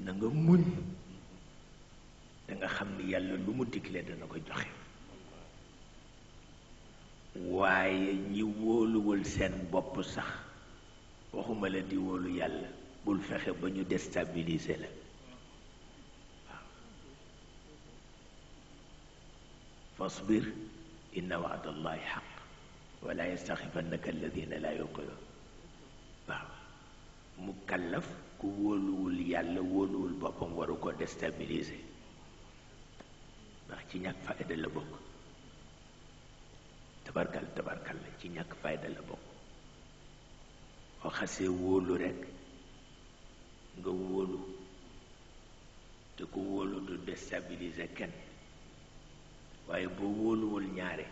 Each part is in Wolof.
na nga muñ da nga xam ni yàlla lu mu digle dana ko joxe waaye ñi wóoluwul seen bopp sax waxuma la di wóolu yàlla bul fexe ba ñu déstabiliser la waaw fasbir inna waad allahi xaq wala yastaxifannaka alladina la yuqinuun waaw mu kallaf ku wóoluwul yàlla wóoluwul boppam waru ko déstabiliser ndax ci ñàkk fayda la bokk tabarkal tabarkal la ci ñàkk fayda la bokk boo xasee wóolu rekk nga wóolu te ku wóolu du déstabiliser kenn waaye boo wóoluwul ñaare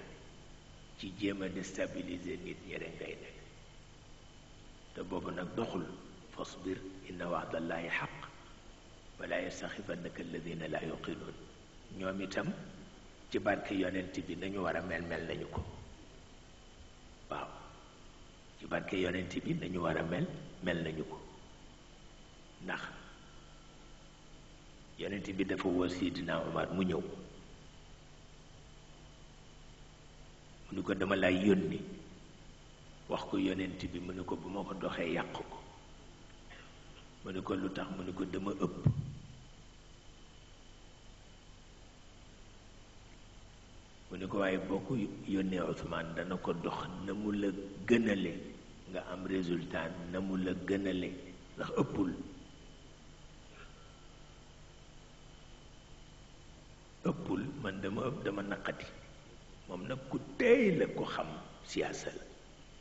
ci jéem a déstabiliser nit ñi rekk ngay nekk te boobu nag doxul fasbir إن وعد الله حق ولا يستخفنك الذين لا يوقنون نيومي تم جبان كي يوننتي بي نيو ورا مل مل نيوكو واو جبان كي يوننتي بي نيو ورا مل مل نيوكو نخ يوننتي بي دفو وسيدنا عمر مو نيو نيكو دما لا يوني واخكو يوننتي بي منكو بما كو دوخي يقكو mu ne ko lu tax mu ne ko dama ëpp mu ne ko waaye boo ko yónnee Ousmane dana ko dox na mu la gënale nga am résultat na mu la gënale ndax ëppul ëppul man dama ëpp dama naqati moom nag ku tey la ko xam siyaasa la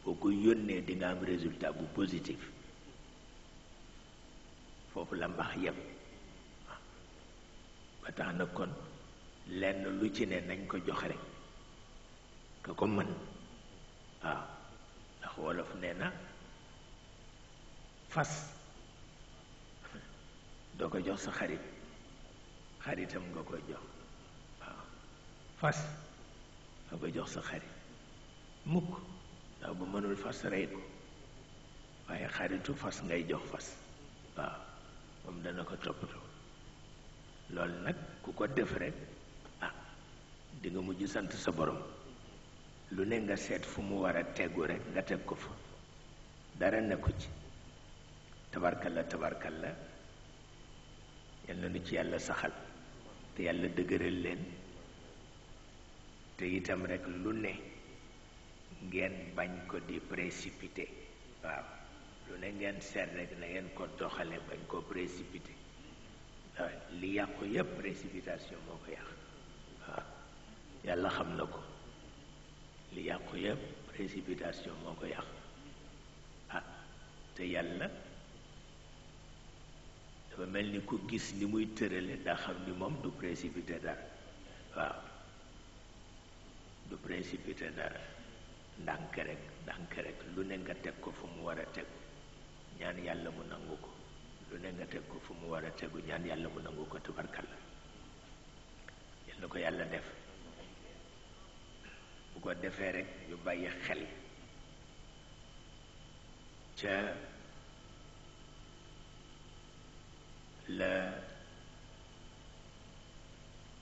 boo ko yónnee di nga am résultat bu positif foofu la mbaax yem ba tax na kon lenn lu ci ne nañ ko jox rek ka ko mën waaw ndax wolof nee na fas doo ko jox sa xarit xaritam nga ko jox waaw fas nga ko jox sa xarit mukk ndax bu mënul fas rey ko waaye xaritu fas ngay jox fas waaw moom dana ko toppatoo loolu nag ku ko def rek ah di nga mujj sant sa boroom lu ne nga seet fu mu war a tegu rekk nga teg ko fa dara nekku ci la tabarkal la yal na nu ci yàlla saxal te yàlla dëgëral leen te itam rekk lu ne ngeen bañ ko di précipité waaw lu ne ngeen seet rek na ngeen ko doxale bañ ko précipité li yàqu yépp précipitation moo ko yàq waaw yàlla xam na ko li yàqu yépp précipitation moo ko yàq ah te yàlla dafa mel ni ku gis ni muy tërale daa xam ni moom du précipité dara waaw du précipité dara ndànk rek ndànk rek lu ne nga teg ko fa mu war a teg ñaan yàlla mu nangu ko lu ne nga teg ko fu mu war a tegu ñaan yàlla mu nangu ko tubarkalla yal na ko yàlla def bu ko defee rek ñu bàyyi xel ca la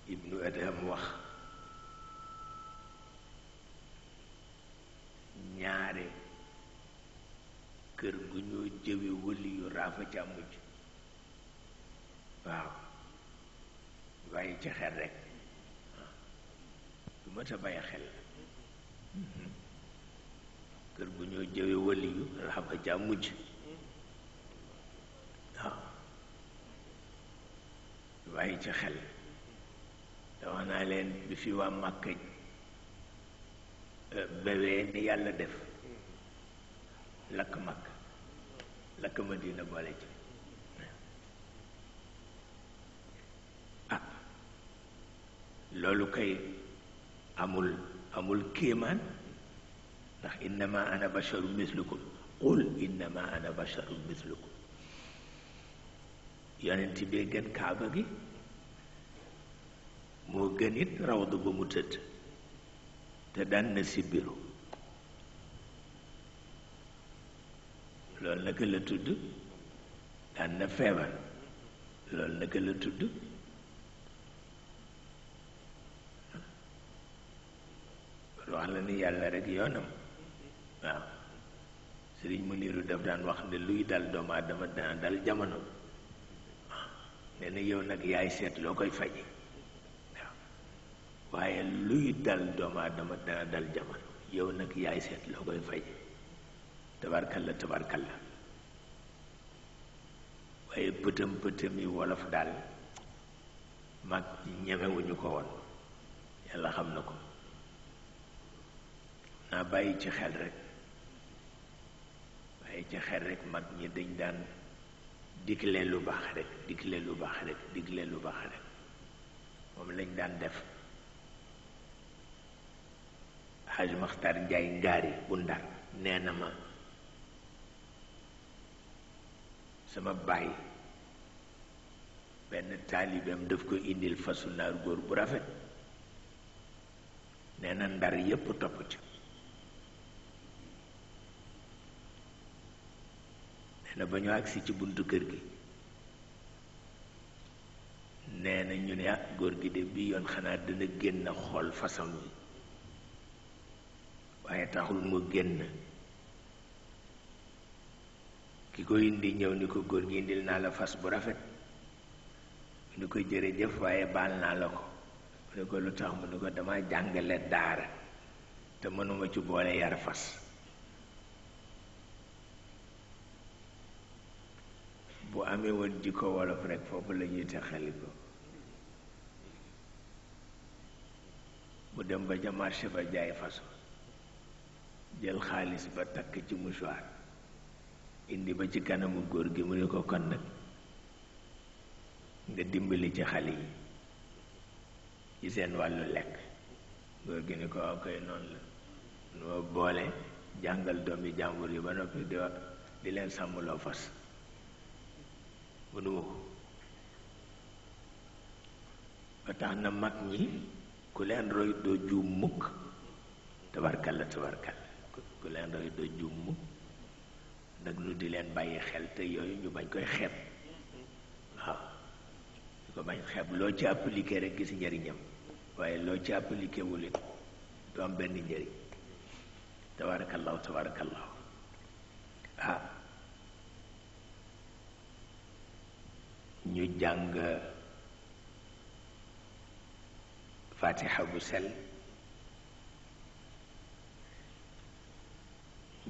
ibnu adham wax ñaare kër gu ñu jëwe wëli yu raafa ca mujj waaw bàyyi ci xel rek du ma ta bàyyi xel kër bu ñoo jëwe wëli yu raafa ca mujj waaw bàyyi ci xel te wax naa leen bi fi waa màkka bewee ni yàlla def lakk màkk lakk ma dina boole ci ah loolu kay amul amul kéemaan ndax innama ana basharu mislukum qul innama ana basharu mislukum yonent bee gën kaaba gi moo gën it rawdu ba mu tëdd te daan na biru loolu nag la tudd daan na feebar loolu naka la tudd wax la ni yàlla rek yoonam waaw sëriñ Muniru daf daan wax ne luy dal doomu aadama dana dal jamono waaw nee na yow nag yaay seet loo koy faje waaw waaye luy dal doomu aadama dana dal jamono yow nag yaay seet loo koy faje tabarkalla tabarkalla waaye pëtëm pëtëm yi wolof daal mag ñemewuñu ko woon yàlla xam na ko naa bàyyi ci xel rek bàyyi ci xel rek mag ñi dañ daan digle lu baax rek digle lu baax lu baax rek moom lañ daan def xaj maxtar njaay ngaari bu ndar nee ma sama baay benn taalibeem daf ko indil fasu naar góor bu rafet nee na ndar yépp topp ci nee na ba ñu agsi ci buntu kër gi nee na ñu ne ah góor gi de bi yoon xanaa dana génn xool fasam wi waaye taxul mu génn ki ko indi ñëw ni ko gor gi indil naa la fas bu rafet ni ko jërëjëf waaye baal naa la ko ni ko lu tax mu ni ko dama jangale daara te mënuma ci boole yar fas bu amé won jikko wolof rek fofu la ñuy taxali ko mu dem ba ja marché ba jaay faso jël xaalis ba tak ci mouchoir indi ba ci kanamu góor gi mu ne ko kon nag nga dimbali ci xale yi ci seen wàllu lekk góor gi ni ko waaw ah, non noonu la nu ma boole jàngal doomi jàmbur yi ba noppi di di leen sàmmloo fas mënuma ko ba tax na mag ñi ku leen roy doo juum mukk ku leen roy doo juum nag nu di leen bàyyi xel te yooyu ñu bañ koy xeeb waaw ñu ko bañ xeeb loo ci appliqué rek gis njëriñam waaye loo ci appliqué wulit du am benn njëriñ tabarakallahu tabarakallahu ah ñu jàng fatiha bu sel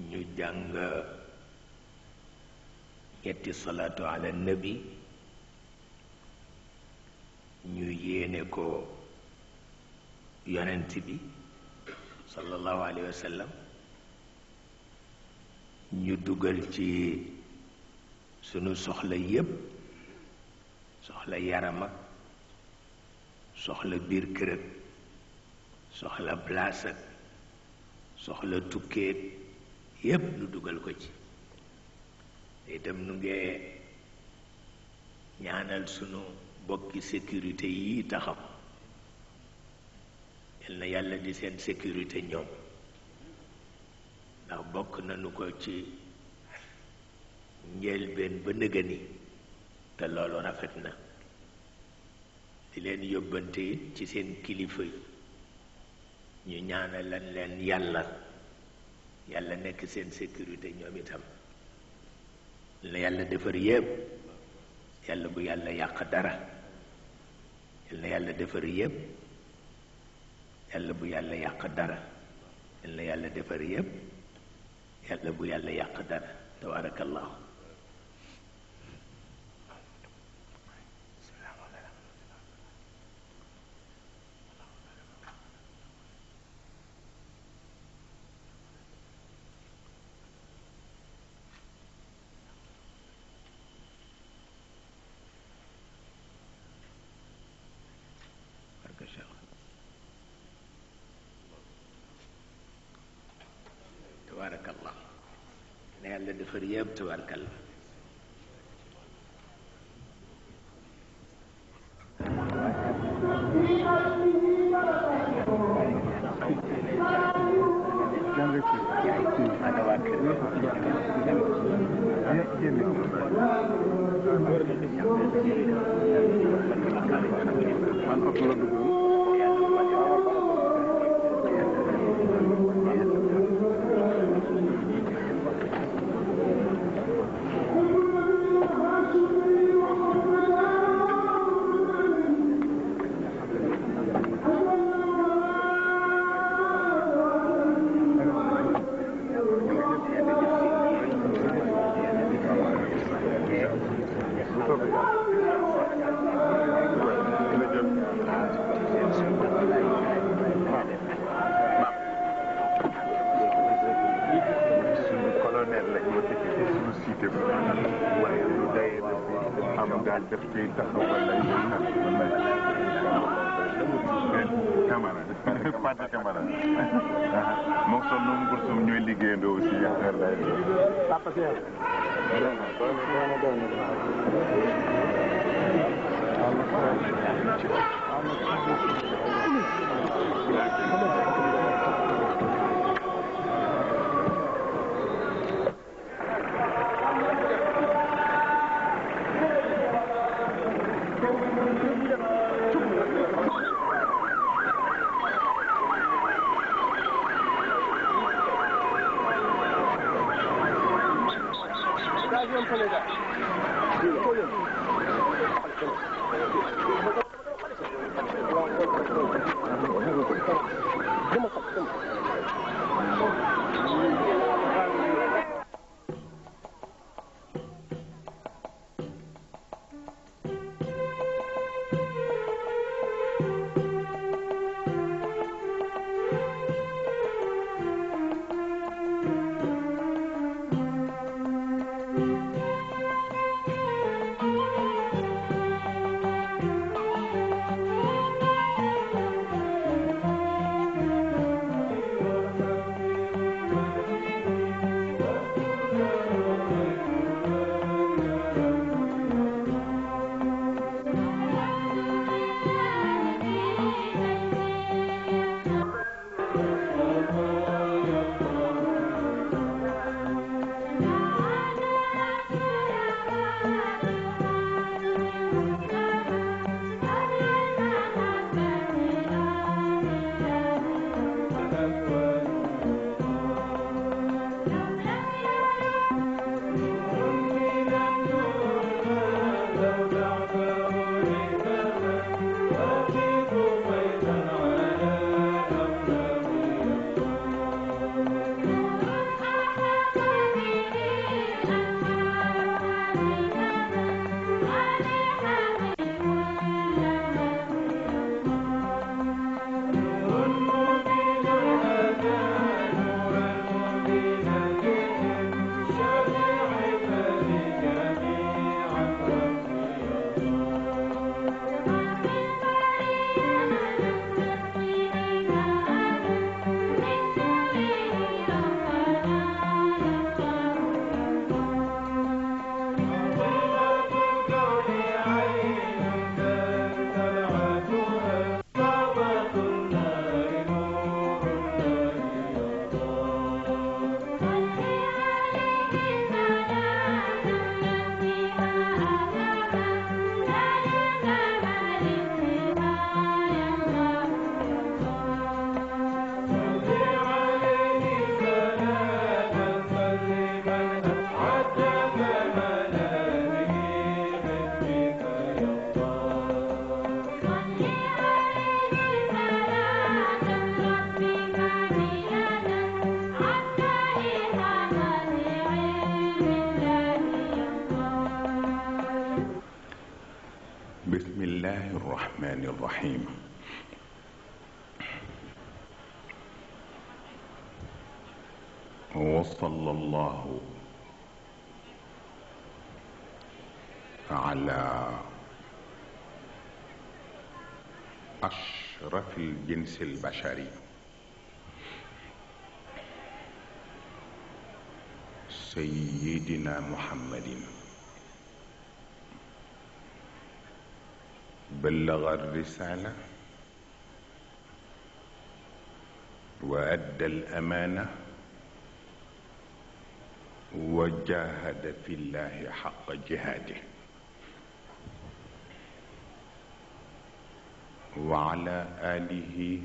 ñu jàng ñetti salaatu ala nabi ñu yéene ko yonent bi sallallahu alayhi wa ñu dugal ci sunu soxla yépp soxla yaram ak soxla biir kër ak soxla place ak soxla tukkeet yépp ñu dugal ko ci te itam nu ngee ñaanal sunu bokki sécurité yi taxaw yal na yàlla di seen sécurité ñoom ndax bokk nañu ko ci njëlbeen ba nëgëni te loolu rafet na di leen yóbbante ci seen kilifa yi ñu ñaanal lan leen yàlla yàlla nekk seen sécurité ñoom itam la yàlla defar yépp yàlla bu yàlla yàq dara yàlla yàlla defar yépp yàlla bu yàlla yàq dara yàlla yàlla defar yépp yàlla bu yàlla yàq dara tabarakallahu पर्यप्त वार्तालाप قاعد تحكي camarada. ولا Camara Fata Camara moom son noom Gourssoum ñooy liggéeyandoo aussi affaire lay Papa Cheikh vraiment رحيما وصلى الله على اشرف الجنس البشري سيدنا محمد بلغ الرسالة وأدى الأمانة وجاهد في الله حق جهاده وعلى آله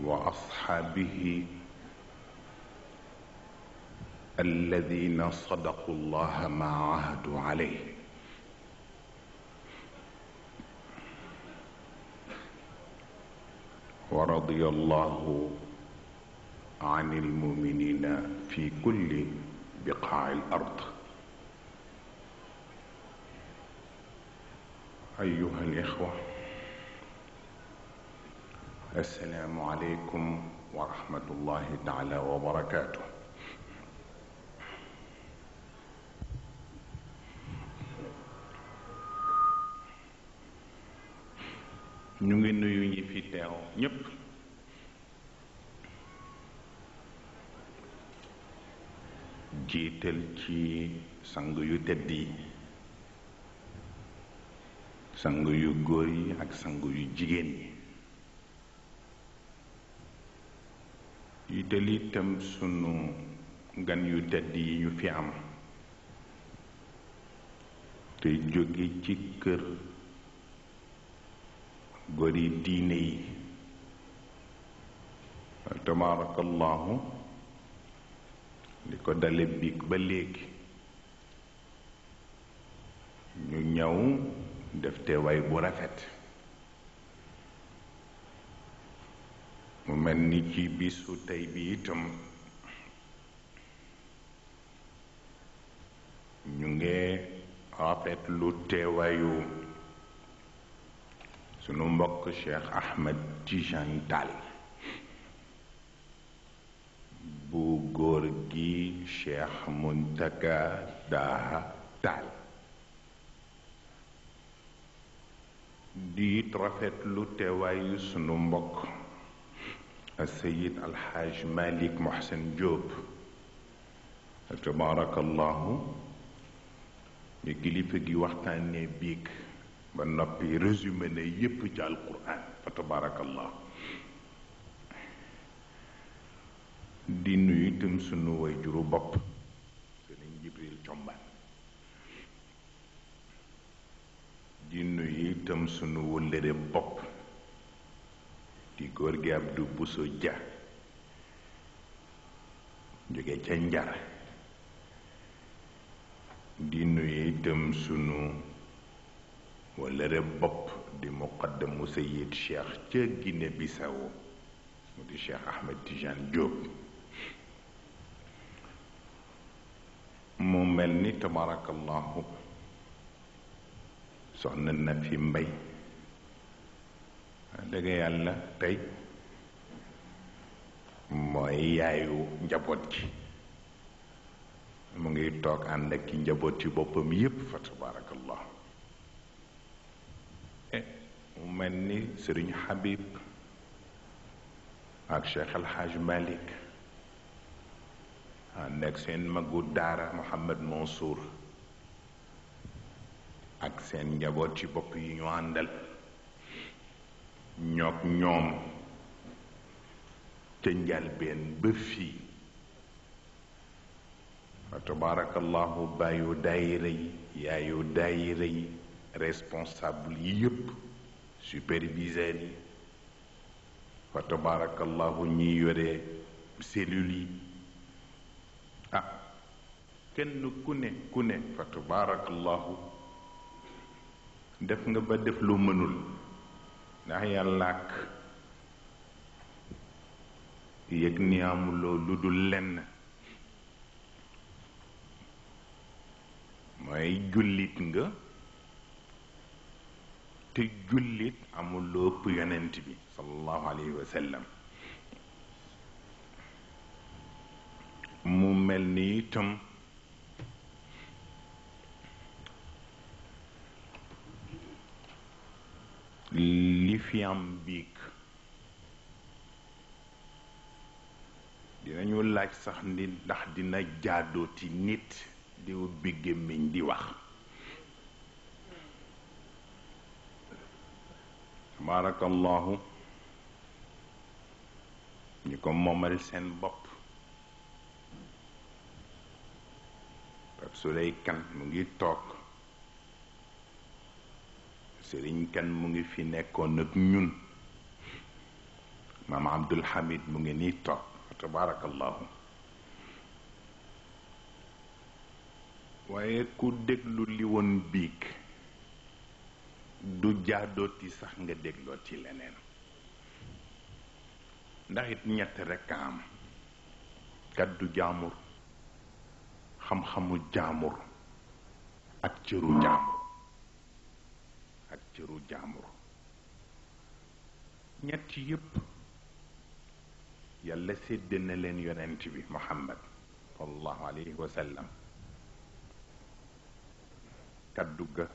وأصحابه الذين صدقوا الله ما عهدوا عليه ورضي الله عن المؤمنين في كل بقاع الارض ايها الاخوه السلام عليكم ورحمه الله تعالى وبركاته ñu ngi nuyu ñi fi teew ñépp jiital ci sang yu tedd yi sang yu góor yi ak sang yu jigéen yi jiital itam sunu gan yu tedd yi ñu fi am te jóge ci kër gori diineyi tabaraka llahu li ko dale biik ba léegi ñu ñëw def teway bu rafet mu mel ni ci bisu tey bi itam ñu nge rafet lu teewayu sunu mbokk cheikh ahmed tijane tall bu góor gi cheikh muntaka daha tal di rafet lu teewaayu sunu mbokk السيد الحاج مالك محسن جوب تبارك الله لكليفة جي وقتاني بيك ba noppi résumé ne yépp ci alquran fa tabarakallah di nuyu itam sunu way juru bopp sëriñ Jibril Combaan di nuyu itam sunu wëllëre bopp di góor gi Abdu Buso Ja jóge ca njar di nuyu itam sunu wala bopp di muqaddamu sayid cheikh ca Guinée Bissau mu di cheikh Ahmed Tijane Diop mu mel ni tabarakallahu soxna na fi mbay dëgg yàlla tey mooy yaayu njaboot gi mu ngi toog ànd ak ki njaboot yi boppam yépp fa tabarak ومني سرين حبيب اك شيخ الحاج مالك عندك سين مغو دارا محمد منصور اك سين جابوت سي بوب يي ньо اندال ньоك ньоم تنجال بين بفي فتبارك الله بايو دايري يايو دايري responsable yep. يب superviseurs yi fa tabarakallahu ñiy yore cellules yi ah kenn ku ne fa tabarakallahu def nga ba def lu mënul ndax yàlla yëg ni amuloo lu dul lenn mooy jullit nga te jullit amul lu ëpp yonent bi sallallahu alayhi wa mu mel ni itam li fi am biig dinañu laaj sax ni ndax dina jàddooti nit di bi gémmiñ di wax بارك الله نيكم مومال سين بوب باب سولي كان موغي توك سيرين كان موغي في نيكون اك نون مام عبد الحميد موغي ني توك تبارك الله waye ku دك لولي won بيك du jaadooti sax nga dégloo ci leneen ndaxit it ñett rekk a am kàddu jaamur xam-xamu jaamur ak cëru jaamur cëru jaamur ñett yépp yàlla sédd na leen yonent bi muhammad sallallahu alayhi wa kàddu ga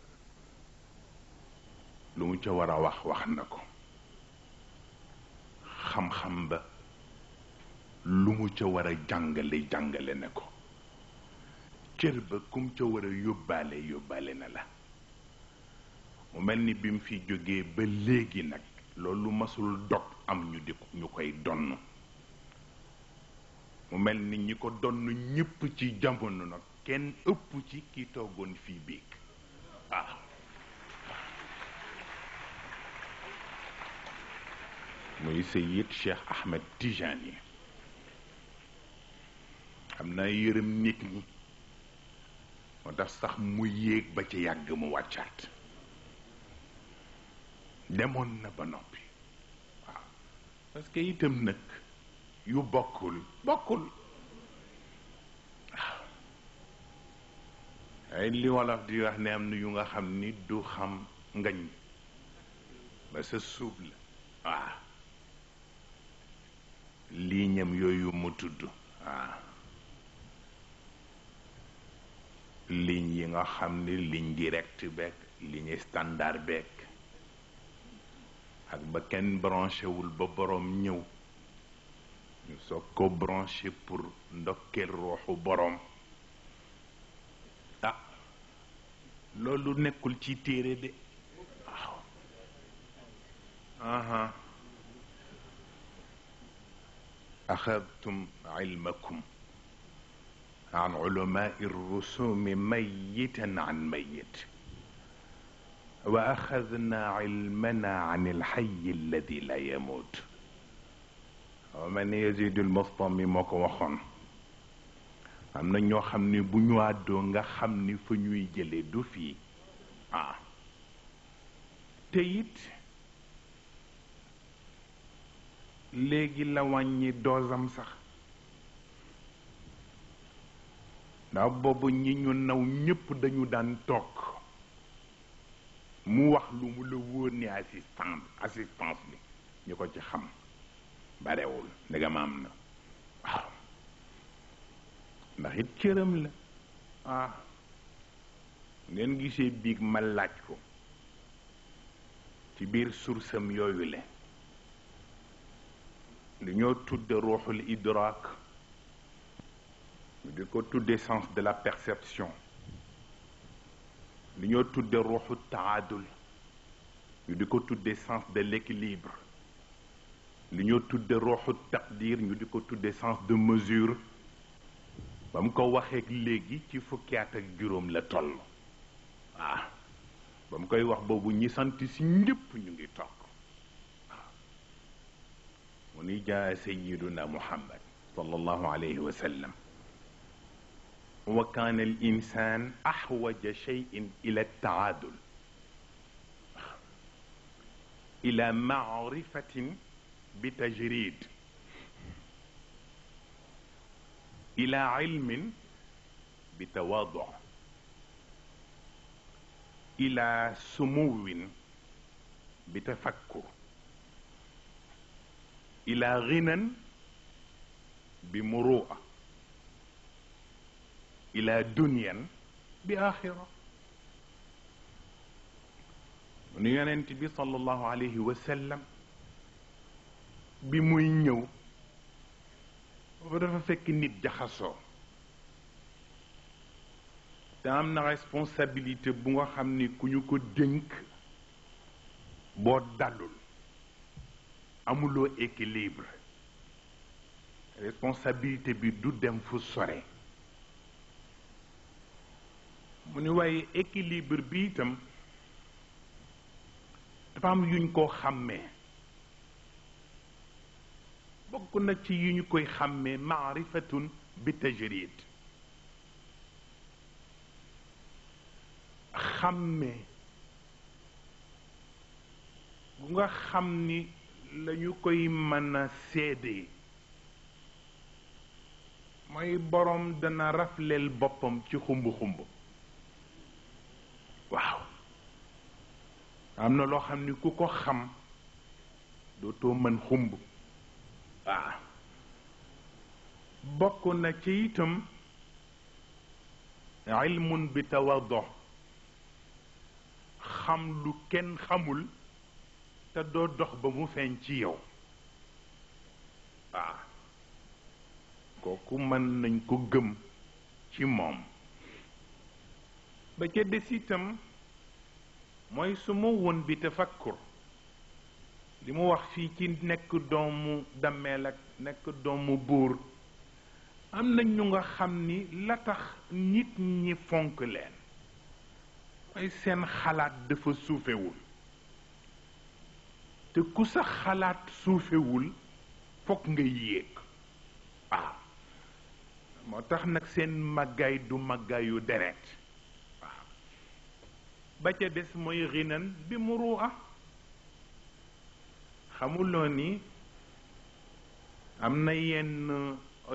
lu mu ca war a wax wax na ko xam-xam ba lu mu ca war a jàngale jàngale na ko cër ba kum ca war a yóbbaale yóbbaale na la mu mel ni bi fi jógee ba léegi nag loolu masul dog am ñu di ñu koy donn mu mel ni ñi ko donn ñépp ci jamono nag kenn ëpp ci ki toogoon fii biig ah. muy Seyyid Cheikh Ahmed yi am naa yërëm nit ñi moo tax sax mu yéeg ba ci yàgg mu wàccaat demoon na ba noppi parce que itam nag yu bokkul bokkul waaw ay li wolof di wax ne am na yu nga xam ni du xam ngañ ba sa suub la waaw lii ñam yooyu mu tudd waaw ah. ligne yi nga xam ni ligne directe beeg ligne standard beeg ak ba kenn branché ba boroom ñëw ñu soog ko branché pour ndokkeel ruuxu boroom ah loolu nekkul ci téere de waaw أخذتم علمكم عن علماء الرسوم ميتا عن ميت وأخذنا علمنا عن الحي الذي لا يموت ومن يزيد المصطم مكوخن am na ñoo xam ne bu ñu àddoo nga xam ni fa ñuy du fii ah te it léegi la wàññi doosam sax ndax boobu ñi ñu naw ñépp dañu daan toog mu wax lu mu la wóor ni assistance assistance bi ñu ko ci xam barewul ndegam am na ndaxit cëram la ah ngeen gisee biig ma laaj ko ci biir sursam yooyu le li ñoo tudde ruuxul idraak ñu di ko tudde sens de la perception li ñoo tudde ruuxu taadul ñu di ko tudde sens de l'équilibre li ñoo tudde ruuxu taqdir ñu di ko tudde sens de mesure ba mu ko waxee léegi ci fukki at ak juróom la toll Ah, ba mu koy wax boobu ñi sant si ñépp ñu ngi toog ونجا سيدنا محمد صلى الله عليه وسلم وكان الإنسان أحوج شيء إلى التعادل إلى معرفة بتجريد إلى علم بتواضع إلى سمو بتفكر الى غنى بمروءة الى دنيا باخرة ونيانا بي صلى الله عليه وسلم بمو ينيو ودفا فك نيت جخاسو تا امنا ريسبونسابيلتي بوغا خامني كونيو كو دنك بو دالول amuloo équilibre responsabilité bi du dem fu sore mu ni waaye équilibre bi itam dafa am yuñ koo xàmmee bokk na ci yuñu koy xàmmee maarifatun bi tajrid xàmmee bu nga xam ni lañu koy mën a seede mooy boroom dana rafleel boppam ci xumb xumb waaw am na loo xam ni ku ko xam dootoo mën xumb waaw bokk na ci itam ilmun bi tawaddo xam lu kenn xamul te doo dox ba mu feeñ ci yow waaw kooku mën nañ ko gëm ci moom ba ca des itam mooy suma woon bi tafakkur li mu wax fii ci nekk doomu dammeel ak nekk doomu buur am na ñu nga xam ni la tax nit ñi fonk leen waaye seen xalaat dafa suufewul te ku sa xalaat suufewul fokk nga yéeg waaw ah. moo tax nag seen màggaay du màggaayu deret ah. ba ca des mooy rinan bi muru a xamuloo ni am na yenn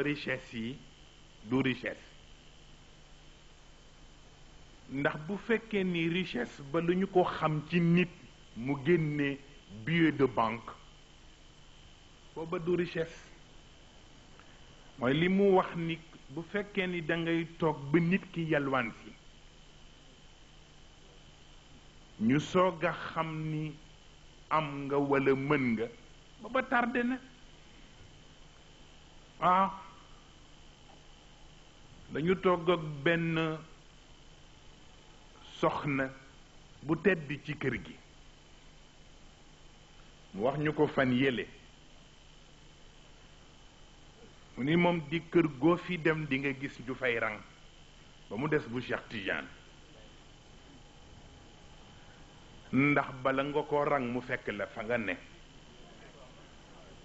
richesse yi du richesse ndax bu fekkee ni richesse ba lu ñu ko xam ci nit mu génnee billet de banque booba du richesse mooy li mu wax ni bu fekkee ni dangay toog bi nit ki yalwaan si ñu soog a xam ni am nga walla mën nga booba tardé na waaw ah, dañu togg ak benn soxna bu tedd ci kër gi wax ñu ko fan yële mu ni moom di kër goo fi dem di nga gis ju fay rang ba mu des bu Cheikh Tidiane ndax bala nga ko rang mu fekk la fa nga ne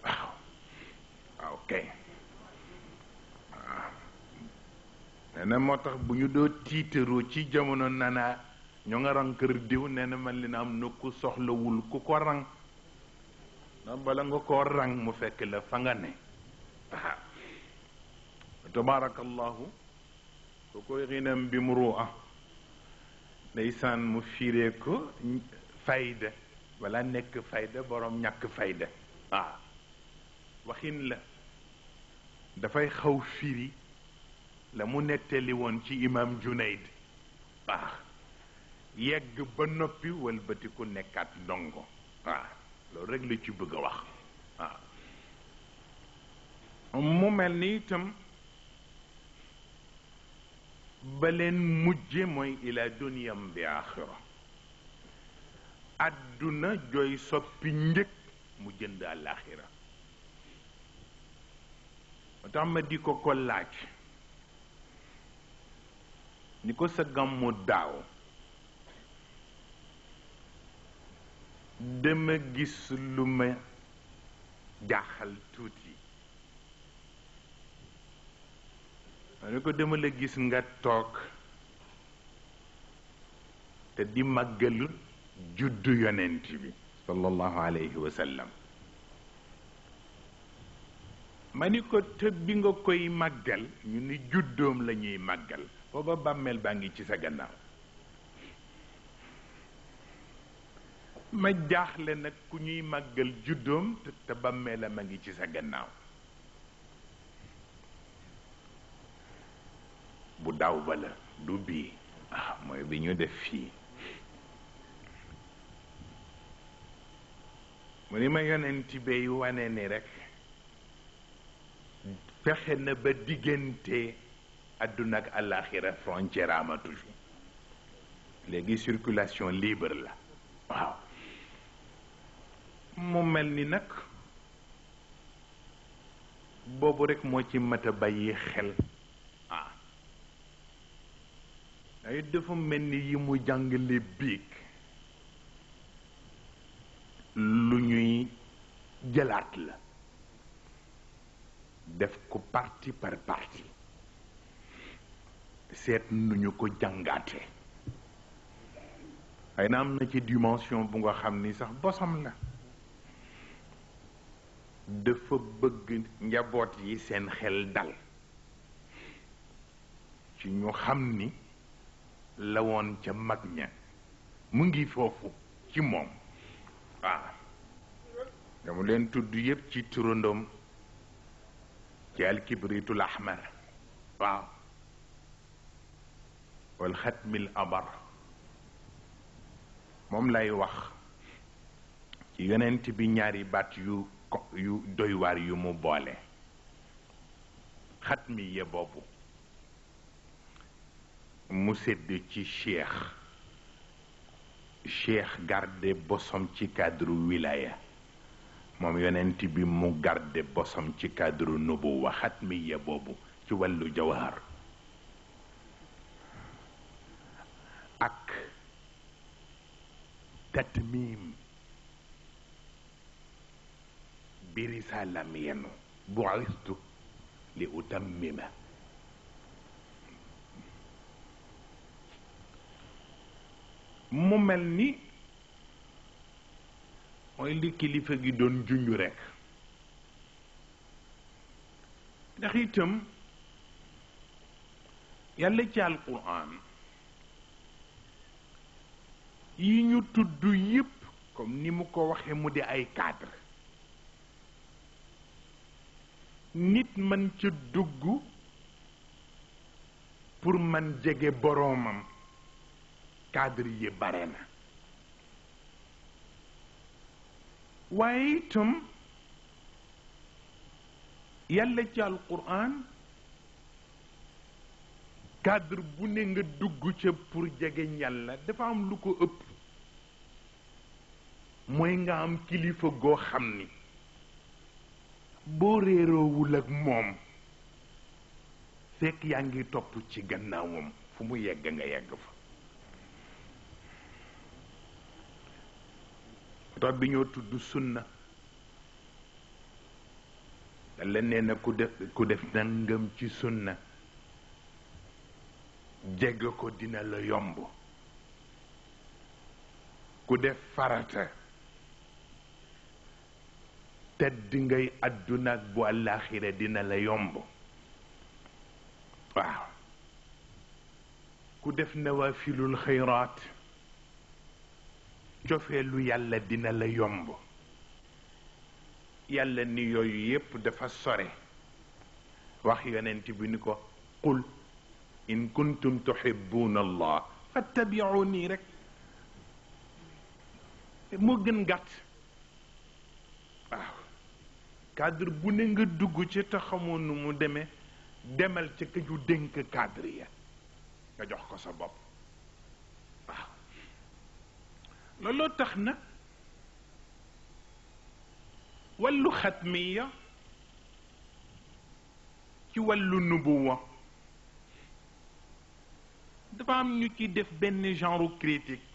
waaw kay waaw moo tax bu ñu doo tiitaroo ci jamono nanaa ñoo nga rang kër diw nee na man li na am na ku soxlawul ku ko rang نمبر لنقول رنج مفكلا فنعني تبارك الله تقول غنم بمرؤة نيسان مفيرك فايدة ولا نك فايدة برام نك فايدة آه وخين لا دفاي خوفيري لمو نتلي وانشي إمام جنيد آه يجب نبي والبتكون نكات دونغو loolu rek la ci bëgg a wax waaw mu mel ni itam ba leen mujje mooy ila duniyam bi axira àdduna jooy soppi njëkk mu jënd àllaaxira moo tax ma di ko ko laaj ni ko sa gàmmu daaw dama gis lu ma jaaxal tuuti ma ne ko dama la gis nga toog te di màggal juddu yonent bi sallallahu alayhi wa ma ni ko te bi nga koy màggal ñu ni juddoom lañuy ñuy màggal booba bàmmeel baa ngi ci sa gannaaw ma jaaxle nag ku ñuy màggal juddoom te te bàmmeelam a ngi ci sa gannaaw bu daw ba la du bii ah, mooy bi ñu def fii mu ni ma yonent bay wane ni rekk fexe na ba diggante àdduna ak àllaaxira frontière amatu fi léegi circulation libre la waaw mu mel ni nag boobu rek moo ci mat a xel ah. ay dafa mel ni yi mu jàngale biig lu ñuy jëlaat la def ko partie par partie seet nu ñu ko jàngaate xëy na am na ci dimension bu nga xam ni sax bosam la dafa bëgg njaboot yi seen xel dal ci ñu xam ni la woon ca mag ña mu ngi foofu ci moom waaw mu leen tudd yépp ci turandoom ci alkibritul ahmar waaw wal abar moom lay wax ci yonent bi ñaari baat yu yu doy yu mu boole xatmiye boobu mu sédd ci cheikh cheikh garde bosom ci cadre wilaya moom yonent bi mu garde bosom ci cadre nubuwa xatmiye boobu ci wàllu jawhar ak tatmim bi risaalam yenu bu'istu li utammima mu mel ni mooy li kilifa gi doon junju rekk ndax yàlla ci alquran yi ñu tudd yépp comme ni mu ko waxee mu di ay cadre nit man ca dugg pour man jege boroomam cadre yi bare na waaye itam yàlla ci alquran cadre bu ne nga dugg ca pour jegeñ yàlla dafa am lu ko ëpp mooy nga am kilifa goo xam ni boo réeroowul ak moom fekk yaa ngi topp ci gannaawam fu mu yegg nga yegg fa tax bi ñoo tudd sunna la nee ku def ku def nangam ci sunna jégg ko dina la yomb ku def farata تد غي ادنا بو الاخره دينا لا يومب واو كو ديف نوافل الخيرات جوفيلو يالا دينا لا يومب يالا ني يوي ييب دافا سوري واخ يوننتي بي نيكو قل ان كنتم تحبون الله فاتبعوني رك مو غن غات واو cadre bu ne nga dugg ci te xamoo mu demee demal ca ju dénk cadre ya nga jox ko sa bopp waaw looloo tax nag wàllu xatmiya ci wàllu nubuwa dafa am ñu ci def benn genre critique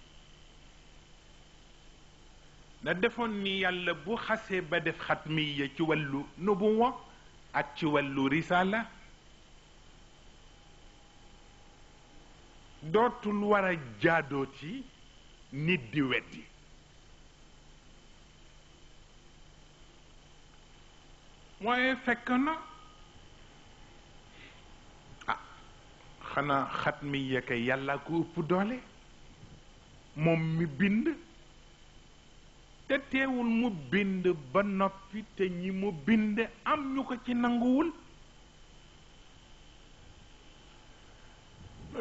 da defoon ni yàlla bu xasee ba def xatmiya ci wàllu nubuwa ak ci wàllu risala dootul war a jaadooti nit di weddi waaye fekk na ah xanaa xatmiya kay yàlla ko ëpp doole moom mi bind te teewul mu bind ba noppi te ñi mu bind am ñu ko ci nanguwul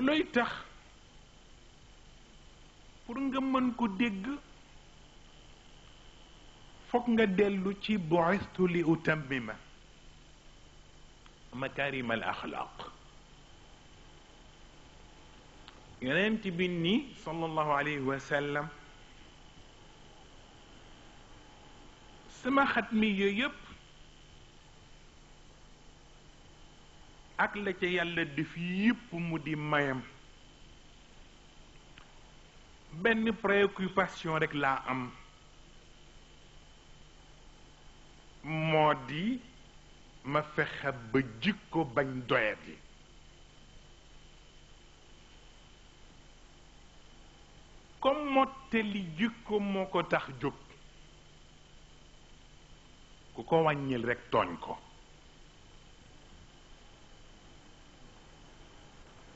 looy tax pour nga mën ko dégg foog nga dellu ci bu'istu li utammima makarim al axlaaq yonent bi ni sallallahu alayhi wa sallam sama xat mi yooyu yëpp ak la ca yàlla def yëpp mu di mayam benn préoccupation rekk laa am moo di ma fexe ba jikko bañ doyat yi comme mottali jikko moo ko tax jóg ku ko wàññil rekk tooñ ko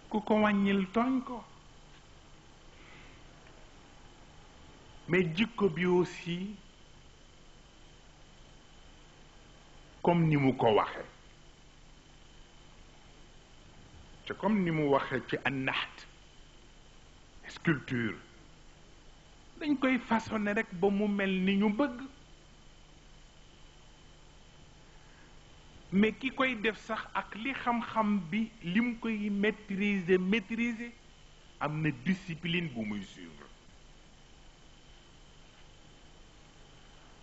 ku ko wàññil tooñ ko mais jikko bi aussi comme ni mu ko waxe te comme ni mu ci annaxt sculpture dañ koy façonné rekk ba mu mel ni ñu bëgg mais ki koy def sax ak li xam-xam bi lim koy maîtriser maîtriser am na discipline bu muy suivre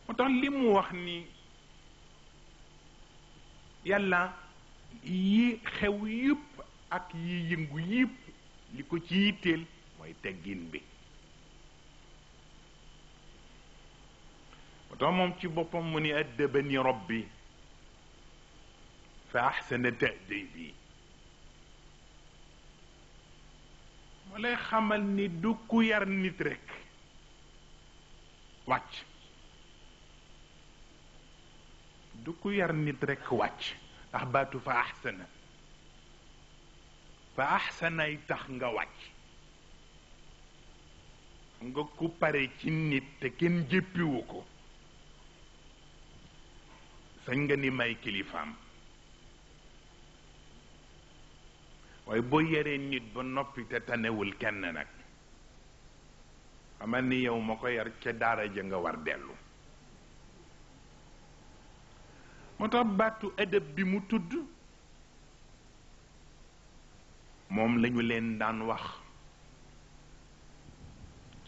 moo tax li mu wax ni yàlla yi xew yëpp ak yi yëngu yëpp li ko ci yitteel mooy teggin bi moo tax moom ci boppam mu ni addabani rabbi fa ahsana ta'dibi moo lay xamal ni du ku yar nit rekk wàcc du ku yar nit rekk wàcc ndax baatu fa ahsana fa ahsanay tax nga wàcc nga ku pare ci nit te kenn jéppiwu ko sañ nga ni may kilifaam waaye boo yaree nit ba noppi te tanewul kenn nag xamal ni yow ma ko yar ca daara ja nga war dellu moo tax baatu ëdëb bi mu tudd moom lañu leen daan wax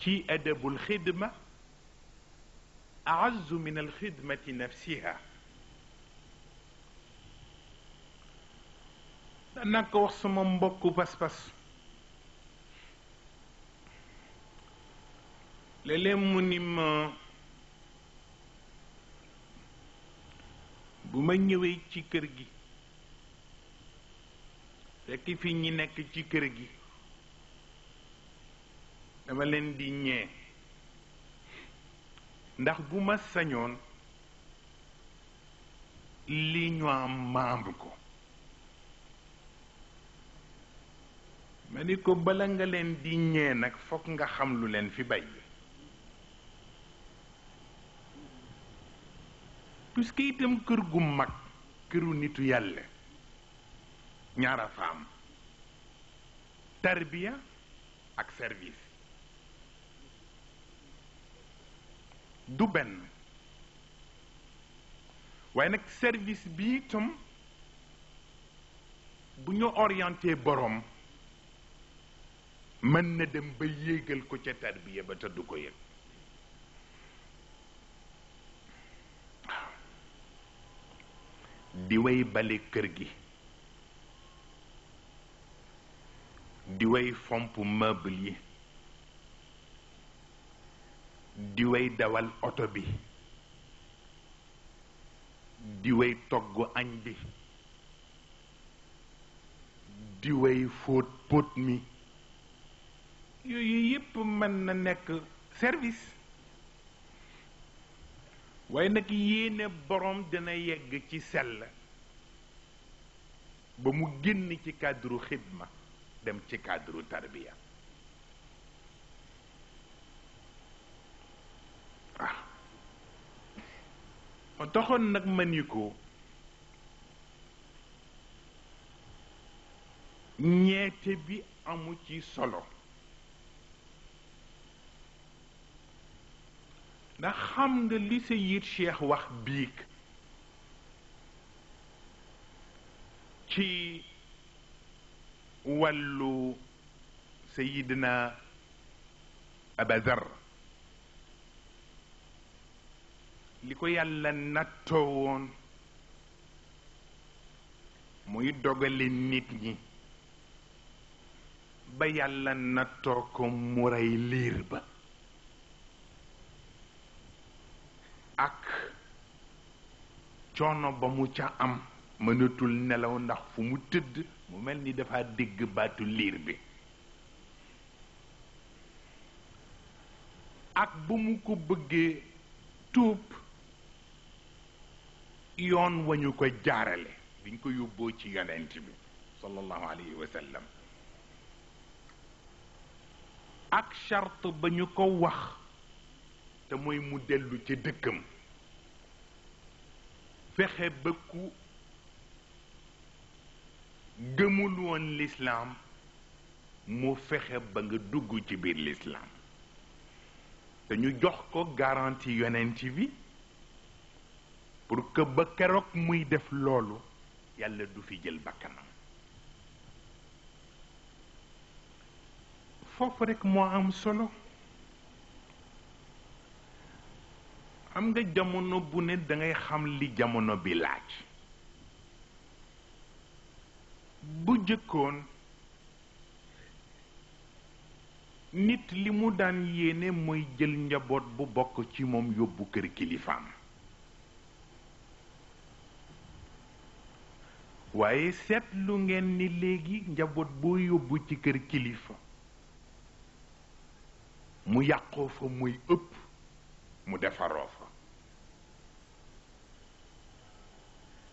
ci ëdëbul xidma a'azzu min alxidmati nafsiha danaa ko wax sama mbokku pas-pas léeg mu ni ma bu ma ñëwee ci kër gi fekk fi ñi nekk ci kër gi dama leen di ñee ndax bu ma sañoon lii ñu am maam ko ma ni ko bala nga leen di ñee nag foog nga xam lu leen fi bay bàyyi puisque itam kër gu mag këru nitu yàlla ñaara faam tarbiya ak service du benn waaye nag service bi itam bu ñu orienté boroom mën na dem ba yéegal ko ca tarbiya ba te du ko yëg di bale kër gi di way fomp meuble yi di way dawal oto bi di way togg añ bi di way fóot póot mi yooyu yëpp mën na nekk service waaye nag yéene boroom dina yegg ci sell ba mu génn ci cadre xidma dem ci cadre tarbiya waaw ah. ma taxoon nag ma ni ñeete bi amu ci solo ndax xam nga li sa yit wax biig ci wàllu sayidna abazar li ko yàlla nattoo woon muy dogale nit ñi ba yàlla nattoo ko mu rey liir ba coono ba mu ca am mënatul nelaw ndax fu mu tëdd mu mel ni dafa dégg baatu liir bi ak bu mu ko bëggee tuub yoon wa ñu ko jaarale biñ ko yóbboo ci yonent bi sallallahu alayhi wa ak charte ba ñu ko wax te mooy mu dellu ca dëkkam fexé beaucoup gëmul won l'islam, mo fexé ba nga dugg ci bir l'islam té ñu jox ko garantie yonent bi pour que ba kérok muy def lolu yalla du fi jël bakkanam fofu rek mo am solo xam nga jamono bu ne dangay xam li jamono bi laaj bu jëkkoon nit li mu daan yéene mooy jël njaboot bu bokk ci moom yóbbu kër kilifaam waaye seetlu ngeen ni léegi njaboot boo yóbbu ci kër kilifa mu yàqoo fa muy ëpp mu defaroo fa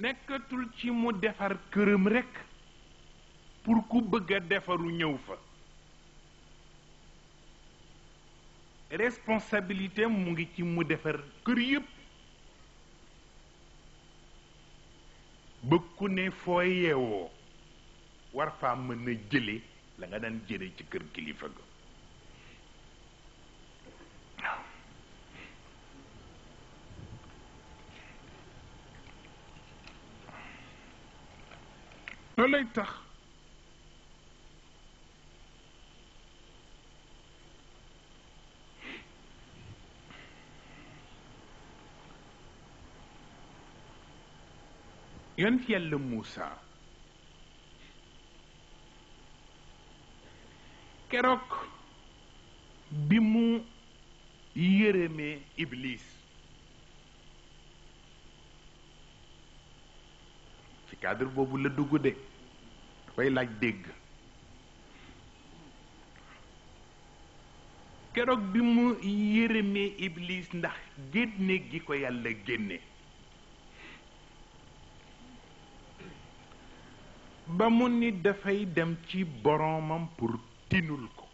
nekkatul ci mu defar këram rekk pour ku bëgg a defaru ñëw fa responsabilité mu ngi ci mu defar kër yépp ba ku ne foo yeewoo war faa mën a jële la nga daan jële ci kër kilifa ko لالي تخ ينفي لموسى كروك بمو يرمي إبليس في كادر بوبو لدوغو دي dafay laaj dégg keroog bi mu yërëmee iblis ndax génne gi ko yàlla génne ba mu ni dafay dem ci boroomam pour tinul ko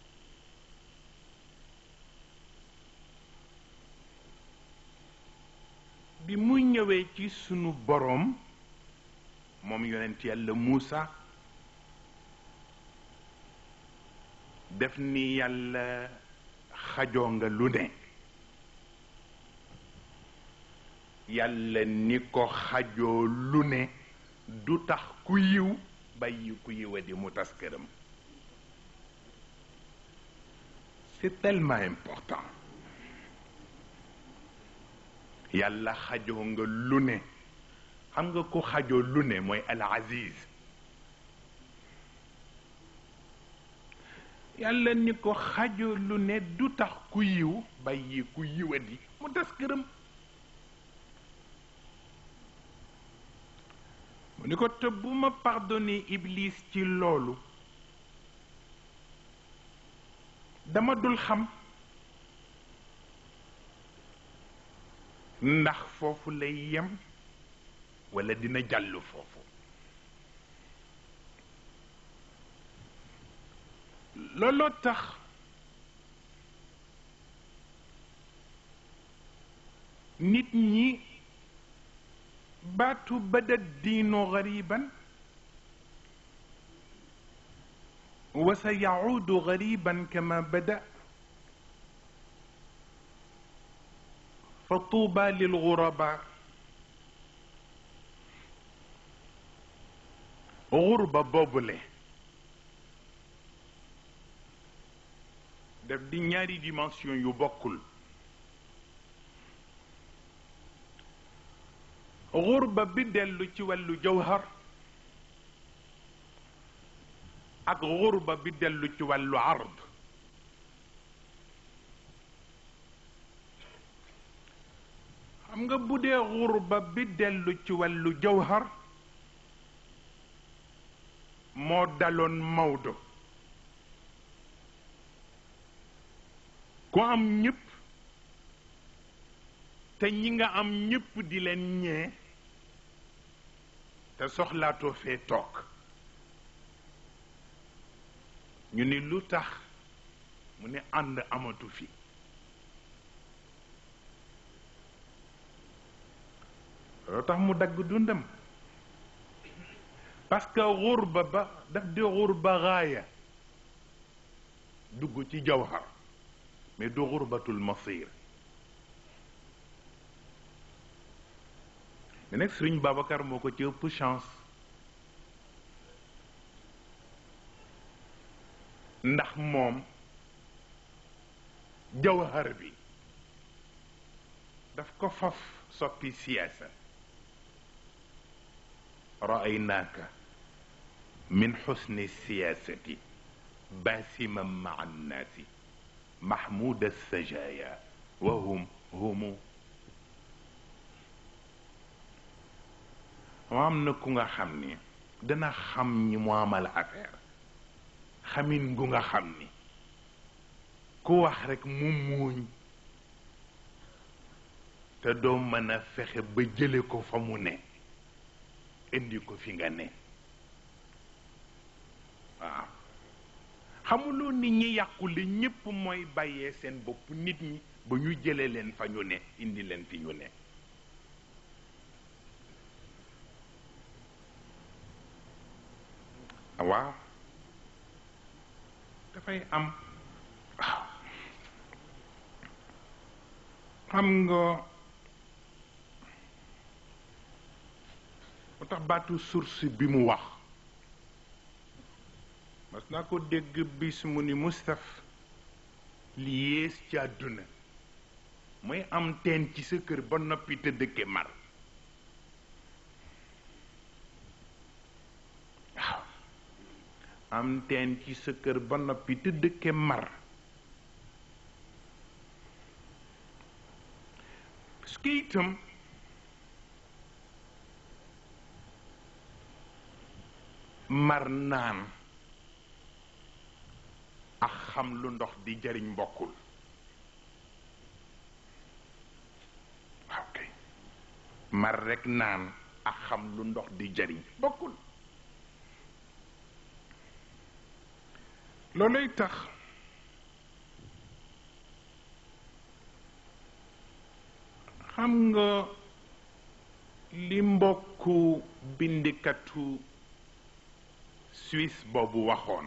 bi mu ñëwee ci sunu boroom moom yonent yàlla Muusa def ni yàlla xajoo nga lu ne yàlla ni ko xajoo lu ne du tax ku yiw bàyyi ku yiwa di mu tas këram c'est tellement important yàlla xajoo nga lu ne xam nga ko xajoo lu ne mooy al aziz yàlla ni ko xajoolu ne du tax ku yiw bàyyi ku yiwadi mu tas këram mu ni ko te bu ma pardonné ibliis ci loolu dama dul xam ndax foofu lay yem walla dina jàll foofu لولو تخ نيت ني باتو بدا الدين غريبا وسيعود غريبا كما بدا فطوبى للغرباء غربه بوبله daf di ñaari dimension yu bokkul gurba bi dellu ci wàllu jawhar ak gurba bi dellu ci wàllu ard xam nga bu dee xurba bi dellu ci wàllu jawhar moo daloon Maodo ko am ñëpp te ñi nga am ñëpp di leen ñee te soxlaatoo fee toog ñu ni lu tax mu ne ànd amatu fi loo tax mu dagg dundam parce que xurba ba daf di xurba gaaya dugg ci jawhar mais du xurbatul masir mais nag sëriñ Babacar moo ko ci ëpp chance ndax moom jawhar bi daf ko faf soppi siyaasa raaynaaka min xusni siyaasati baasiman maa annaasi محمود السجايا وهم هم وامن نكون خامني دنا خامني موامل افير خامين كونغا خامني كو واخ رك تدوم تا دو مانا فخي با جيلي انديكو فيغا ني xamuloo nit ñi yàqule ñépp mooy bàyyee seen bopp nit ñi ba ñu jëlee leen fa ñu ne indi leen fi ñu ne waaw dafay am xam nga moo tax baatu source bi mu wax mas naa ko dégg bis mu ni Moustapha li yées ci àdduna mooy am teen ci sa kër ba noppi te dëkke mar waaw am itam mar naan ak xam lu ndox di jariñ mbokkul waaw mar rekk naan ak xam lu ndox di jariñ bokkul looluy tax xam nga li mbokku bindikatu Suisse boobu waxoon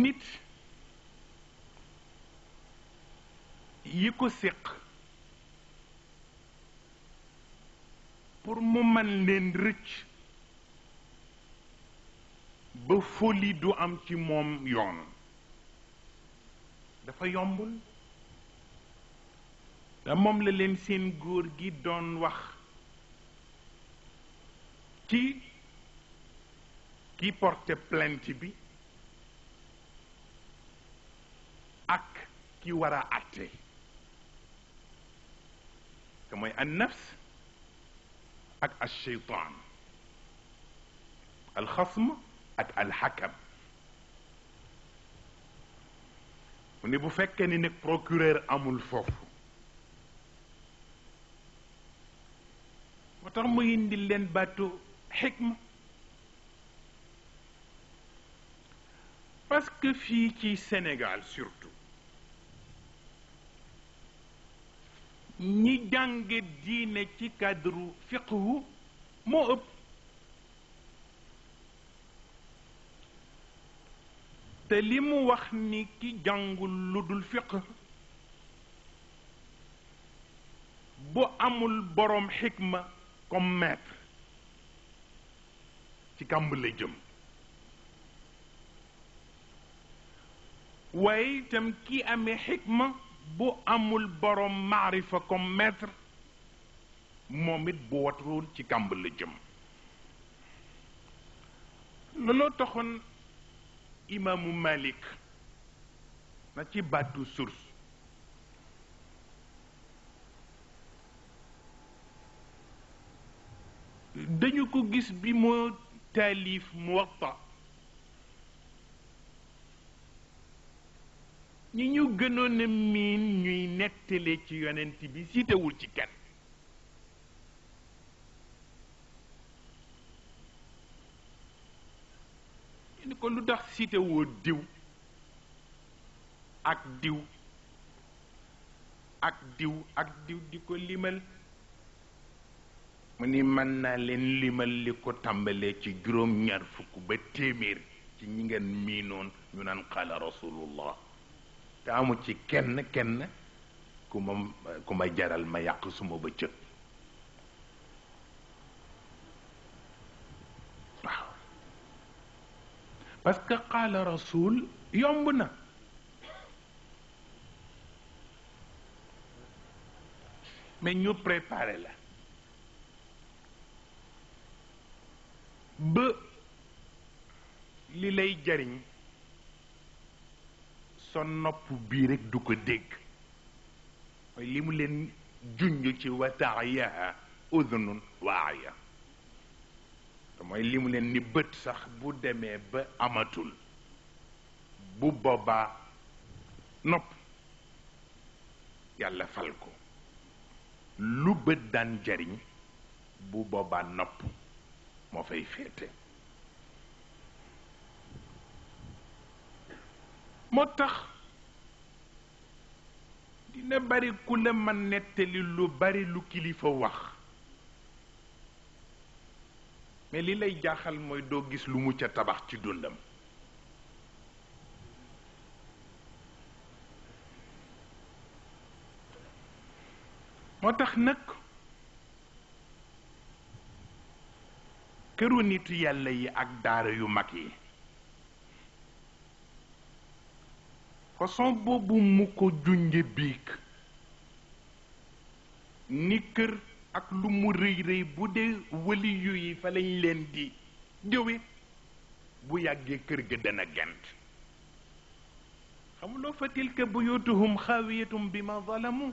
nit yi ko séq pour mu man leen rëcc ba folie du am ci moom yoon dafa yombul da moom la leen seen góor gi doon wax ci ki porte plainte bi ki wara atte te moy an nafs ak ash shaytan al khasm ak al hakam ni bu fekke ni nek procureur amul fofu moo tax mu indi len baatu xikma parce que fi ci Sénégal surtout ñi jànge diine ci cadre fiqhu moo ëpp te limu wax ni ki jàngul lu dul fiqh bu amul boroom xikma comme maître ci kàmb la jëm waaye itam ki amee xikma bu amul borom maarifa comme maître moom it bu watuwul ci kàmb la jëm looloo taxoon imaamu Malik na ci baatu source dañu ko gis bi mu taalif Muwatta ñi ñu gënoon a miin ñuy nettali ci yonent bi siitewul ci kenn ni ko lu tax siitewoo diw ak diw ak diw ak diw di ko limal mu ni mën naa leen limal li ko tàmbalee ci juróom ñaar fukk ba téeméer ci ñi ngeen miinoon ñu naan qaala rasulullah te amu ci kenn kenn ku ma ku ma jaral ma yàq suma bëccëg waaw parce que qaala rasul yomb na mais ñu préparé la ba li lay jariñ sa nopp bii rek du ko dégg mooy li mu leen junj ci wataayaha udunun waaya mooy li mu leen ni bët sax bu demee ba amatul bu boobaa nopp yàlla fal ko lu bët daan jariñ bu boobaa nopp moo fay féete moo tax dina bari ku la ma nettali lu bari lu kilifa wax mais li lay jaaxal mooy doo gis lu mu ca tabax ci dundam moo tax nag këru nitu yàlla yi ak daara yu mag yi façon boobu mu ko junje biig ni kër ak lu mu rëy rëy bu dee waliyu yi fa lañ leen di jëwe bu yàggee kër ga dana gent xamuloo fa tilka buyutuhum xaawiyatum bi ma zalamu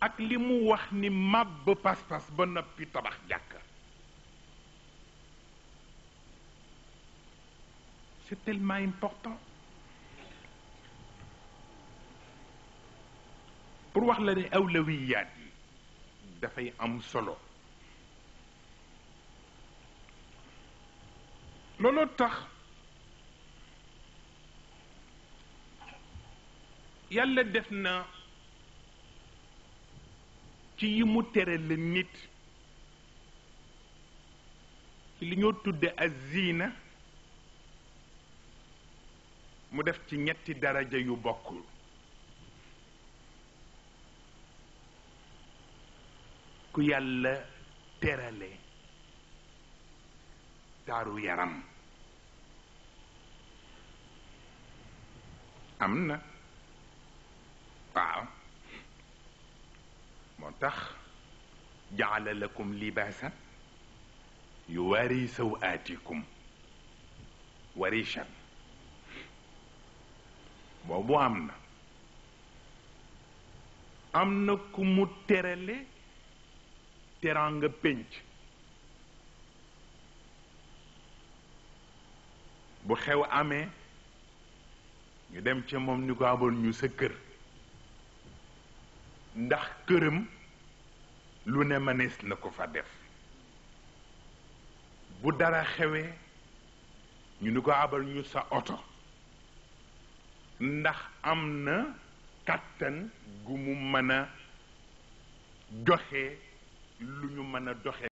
ak li mu wax ni màbb pas-pas ba noppi tabax jàkk C'est tellement important. pour voir la ne awlawiyaat yi dafay am solo looloo tax yàlla def na ci yi mu tere la nit ci li ñoo tudde azina mu def ci ñetti daraja yu bokkul ku yàlla terale taaru yaram am na waaw moo tax jaala lakum libaasan yuwaari sawaatikum warishan boobu am na am na ku mu terale teraanga pénc bu xew amee ñu dem ca moom ñu ko abal ñu sa kër ndax këram lu ne mënees na ko fa def bu dara xewee ñu nu ko abal ñu sa oto ndax am na kàttan gu mu mën a joxe lu ñu mën a doxe